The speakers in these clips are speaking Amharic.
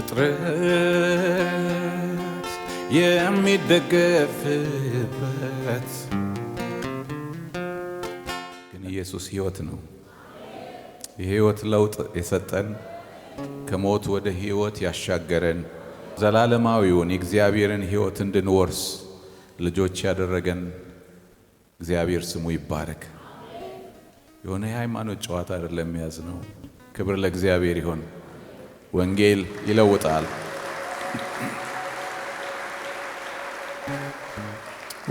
ፍጥረት የሚደገፍበት ግን ኢየሱስ ሕይወት ነው። የሕይወት ለውጥ የሰጠን ከሞት ወደ ሕይወት ያሻገረን ዘላለማዊውን የእግዚአብሔርን ሕይወት እንድንወርስ ልጆች ያደረገን እግዚአብሔር ስሙ ይባረክ። የሆነ የሃይማኖት ጨዋታ አይደለም የሚያዝ ነው። ክብር ለእግዚአብሔር ይሆን። ወንጌል ይለውጣል።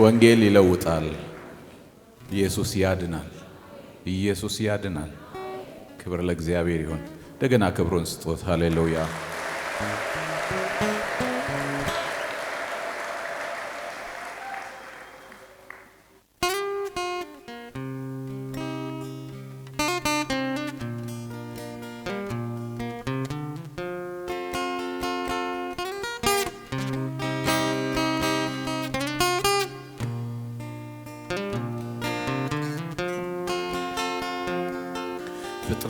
ወንጌል ይለውጣል። ኢየሱስ ያድናል። ኢየሱስ ያድናል። ክብር ለእግዚአብሔር ይሁን። እንደገና ክብሩን ስጦት። ሃሌሉያ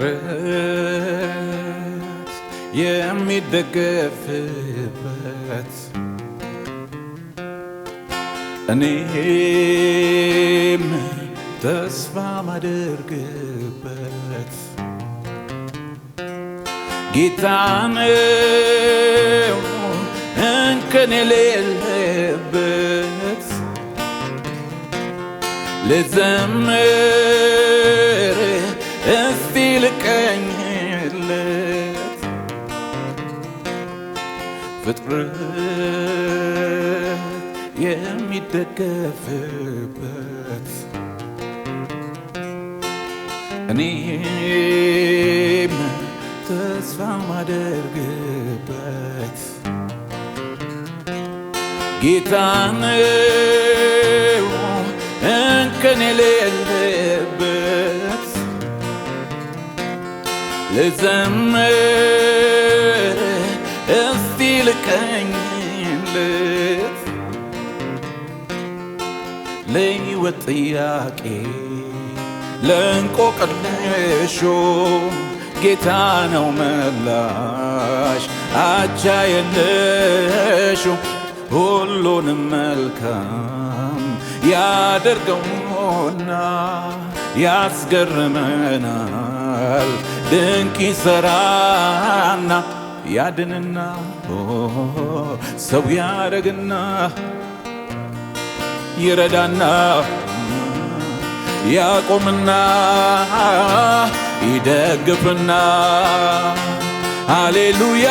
ጥረት የሚደገፍበት እኔም ተስፋ ማደርግበት ጌታ ነው እንከን የሌለበት ልዘምር እስቲ ልቀኝለት ፍጥረት የሚደገፍበት እኔም ተስፋ ማደርግበት ጌታ ነው እንከን የሌለበት ልዘምር እስቲ ልቀኝለት ለሕይወት ጥያቄ ለእንቆቅልሾ ጌታ ነው መላሽ አቻ የለሽ ሁሉንም መልካም ያደርገውና ያስገርመና ይሰራል፣ ድንቅ ይሰራና ያድንና ሰው ያረግና ይረዳና ያቆምና ይደግፍና ሃሌሉያ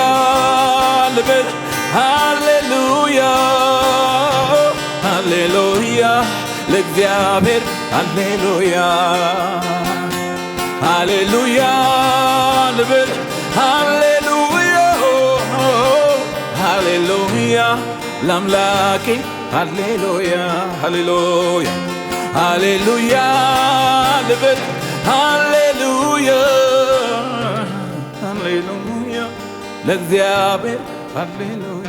ልብል ሃሌሉያ ሃሌሉያ ለእግዚአብሔር ሃሌሉያ هللويا نبل هللويا هللويا لاملاكي هللويا هللويا هللويا نبل هللويا هللويا للذيابل هللويا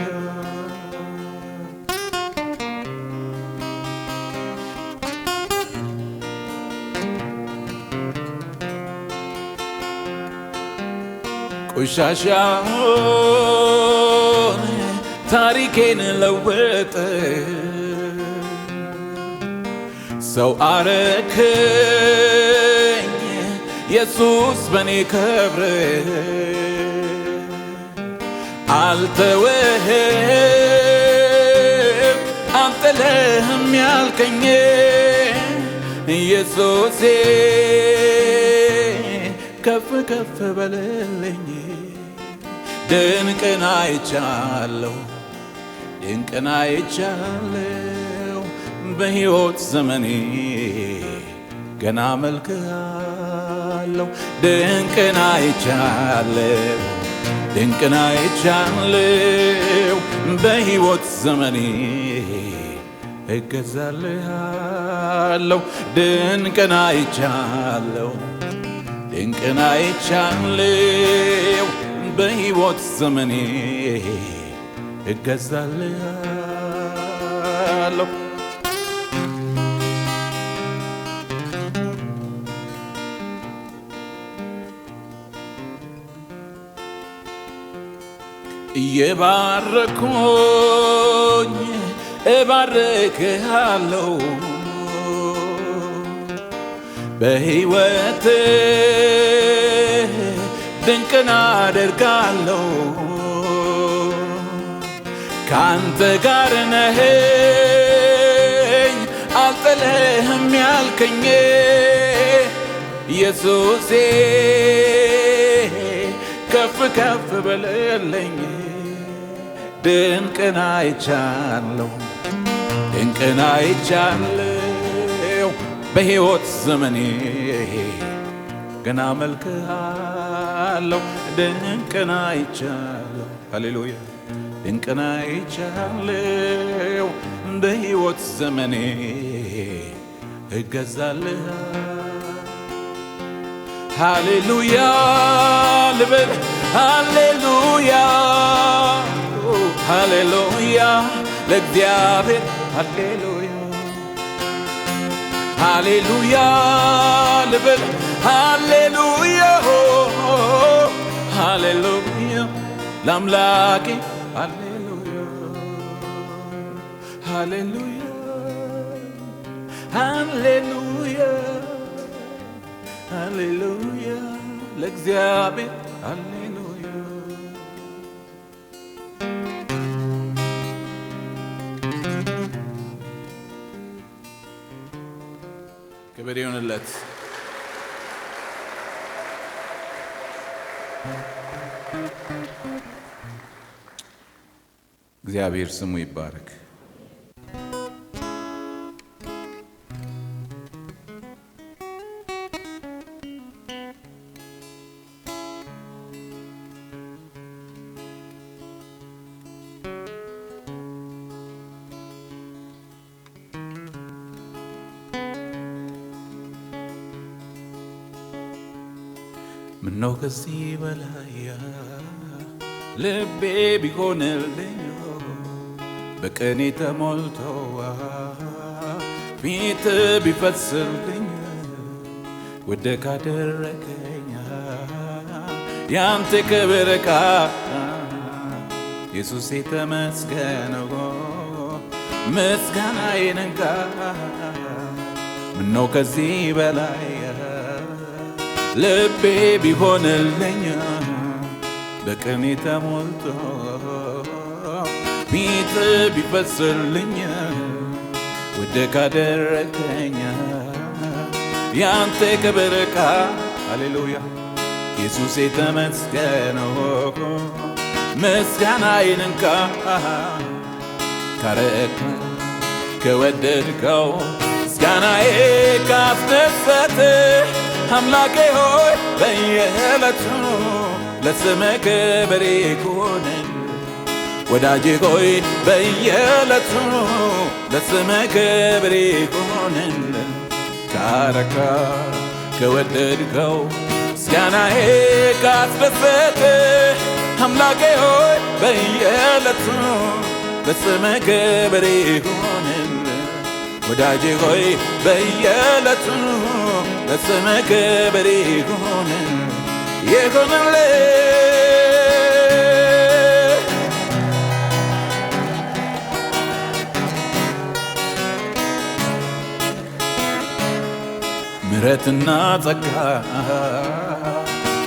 ቆሻሻውን ታሪኬን ለወጠ ሰው አረከኝ ኢየሱስ በኔ ከብር አልተወህም አንጥለህም ያልከኝ ኢየሱሴ ከፍ ከፍ በልልኝ ድንቅን አይቻለሁ ድንቅን አይቻለሁ በሕይወት ዘመኔ ገና መልክአለሁ ድንቅን አይቻለሁ ድንቅን አይቻለሁ በሕይወት ዘመኔ እገዛልሃለሁ ድንቅን አይቻለሁ ድንቅን አይቻለው በሕይወት ዘመኔ እገዛለሁ እየባረኩኝ እባርክሃለሁ በሕይወት ድንቅን አደርጋለሁ ካንተ ጋር ነህኝ አልጥልህም ያልከኝ ኢየሱሴ ከፍ ከፍ በልልኝ ድንቅን አይቻለሁ ድንቅን አይቻለሁ በሕይወት ዘመኔ ገና መልክ አለው ድንቅና ይቻለው ሃሌሉያ ድንቅና ይቻለው እንደ ዘመኔ እገዛልህ ሃሌሉያ ልበል ሃሌሉያ ሃሌሉያ ለእግዚአብሔር ሃሌሉ ሃሌሉያ ልበል ሃሌሉያ ሃሌሉያ ለአምላኬ ሃሌሉያ ሃሌሉያ ሃሌሉያ ሃሌሉያ ለእግዚአብሔር ሃሌሉያ ክብር ይሁንለት። እግዚአብሔር ስሙ ይባረክ። ምነው ከዚህ በላይ ልቤ ቢሆንልኝ በቅኔ ተሞልቶ ፊት ቢፈስልኝ ወደ ካደረገኛ ያንተ ክብር ቃ ኢየሱስ የተመስገነው ምስጋና ይንንቃ ምነው ከዚህ በላይ ልቤ ቢሆንልኝ በቀኔ ተሞልቶ ሚጥ ቢፈስልኝ ወደ ካደረከኝ ያንተ ክብር ቃ ሃሌሉያ ኢየሱስ የተመስገነ መስጋና ይንንካ ካረክ ከወደድከው ምስጋናዬ ካፍ አምላኬ ሆይ በየዕለቱ ለስምህ ክብር ይሁን። ወዳጄ ሆይ በየዕለቱ ለስምህ ክብር ይሁን። ካረካው ከወደድከው ምስጋናዬ ካስደሰተ አምላኬ ሆይ በየዕለቱ ለስምህ ክብር ይሁን። ወዳጄ ሆይ በየዕለቱ ለስመ ክብር ይሁን ይሁንልህ። ምሕረትና ጸጋ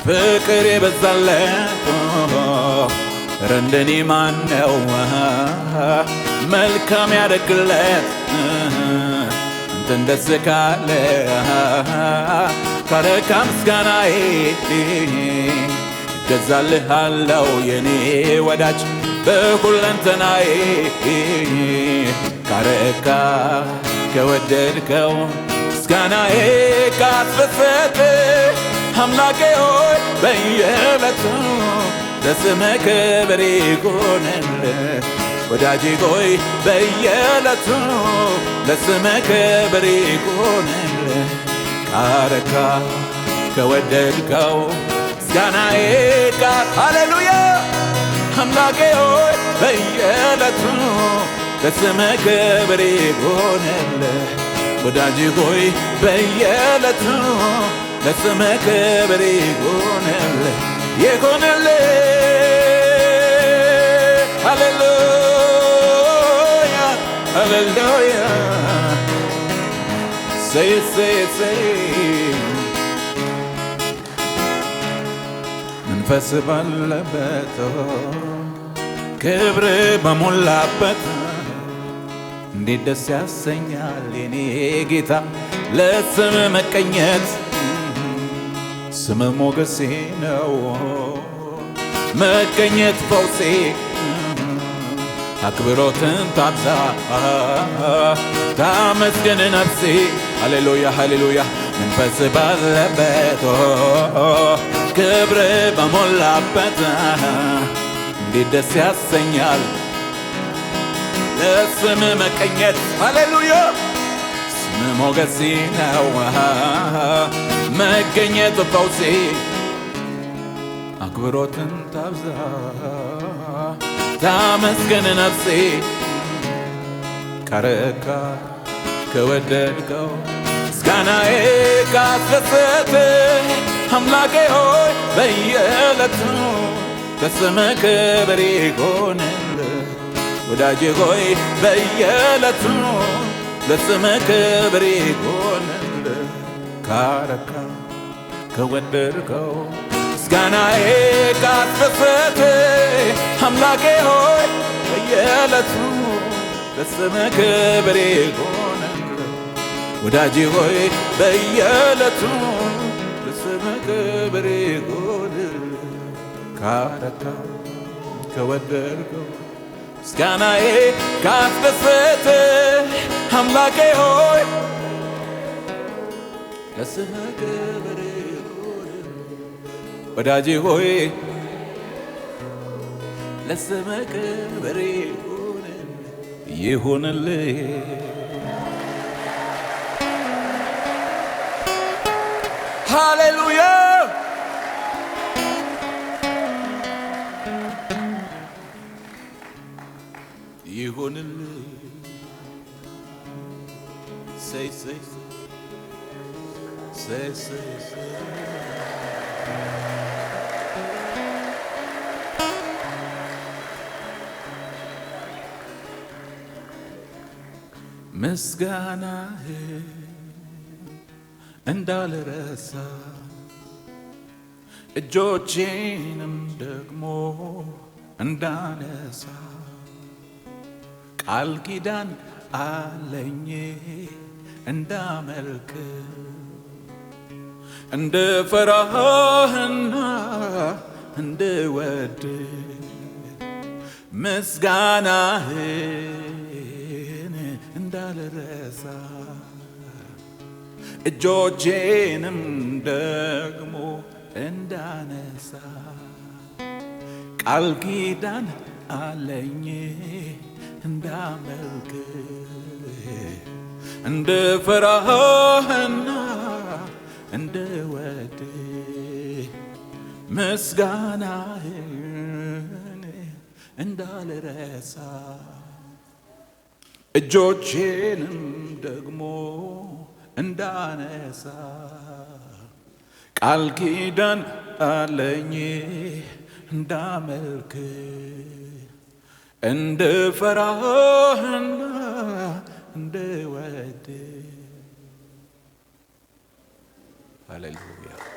ፍቅር የበዛለት ኧረ እንደኔ ማነው መልካም ያደርግለት? እንደስካለ ካረካ ምስጋናዬ እገዛልሃለው የኔ ወዳጅ በሁለንተናዬ ካረካ ከወደድከው ምስጋናዬ ካፈፈት አምላኬ ሆይ በየዕለቱ ለስምህ ክብር ይሁንልህ ወዳጅ ሆይ በየለቱ ለስመ ክብር ይቁንልህ። ካረካ ከወደድከው ምስጋናዬ ጋር ሃሌሉያ አምላኬ ሆይ በየዕለቱ ለስመ ክብር ይቁንልህ። ወዳጅ ሆይ በየለቱ ለስመ ክብር ይቁንልህ ይቁንልህ hallelujah. Say it, say it, say it. መንፈስ ባለበት ክብር በሞላበት እንዴት ደስ ያሰኛል የኔ ጌታ ለስም መቀኘት ስም ሞገሴ ነው መቀኘት ፈውሴ አክብሮትን ታብዛ ታመስገን ነፍሴ ሃሌሉያ ሃሌሉያ መንፈስ ባለበት ክብር በሞላበት እንዴት ደስ ያሰኛል ለስም መቀኘት ሃሌሉያ ስም ሞገሴ ነው መገኘት ፈውሴ አክብሮትን ታብዛ ታመስገን ነፍሴ ካረካ ከወደድከው ምስጋናዬ ካስደሰተ አምላኬ ሆይ በየዕለቱ በስም ክብር ይሆንልህ። ወዳጄ ሆይ በየዕለቱ በስም ክብር ይሆንልህ። ካረካ ከወደድከው ምስጋናዬ ካስደሰተ አምላኬ ሆይ በየዕለቱ ለስምህ ክብር ይሁን። ወዳጄ ሆይ በየዕለቱ ለስምህ ክብር ይሁን። ካረካ ከወደድከው ምስጋናዬ ካስደሰተ አምላኬ ሆይ ለስምህ ክብር ይሁን። ወዳጄ ሆይ ለስመ ክብር ይሁንልህ። ሃሌሉያ ይሁንልህ። ሰይ ሰይ ሰይ ሰይ ምስጋናህ እንዳልረሳ እጆቼንም ደግሞ እንዳነሳ ቃል ኪዳን አለኝ እንዳመልክ እንደ ፈራህና እንደ ወድ ሲነሳ እጆቼንም ደግሞ እንዳነሳ ቃል ኪዳን አለኝ እንዳመልክ እንደ ፈራህና እንደ ወድ ምስጋናህን እንዳልረሳ እጆቼንም ደግሞ እንዳነሳ ቃል ኪዳን አለኝ እንዳመልክ እንደ ፈራህና እንደ ወድ ሃሌሉያ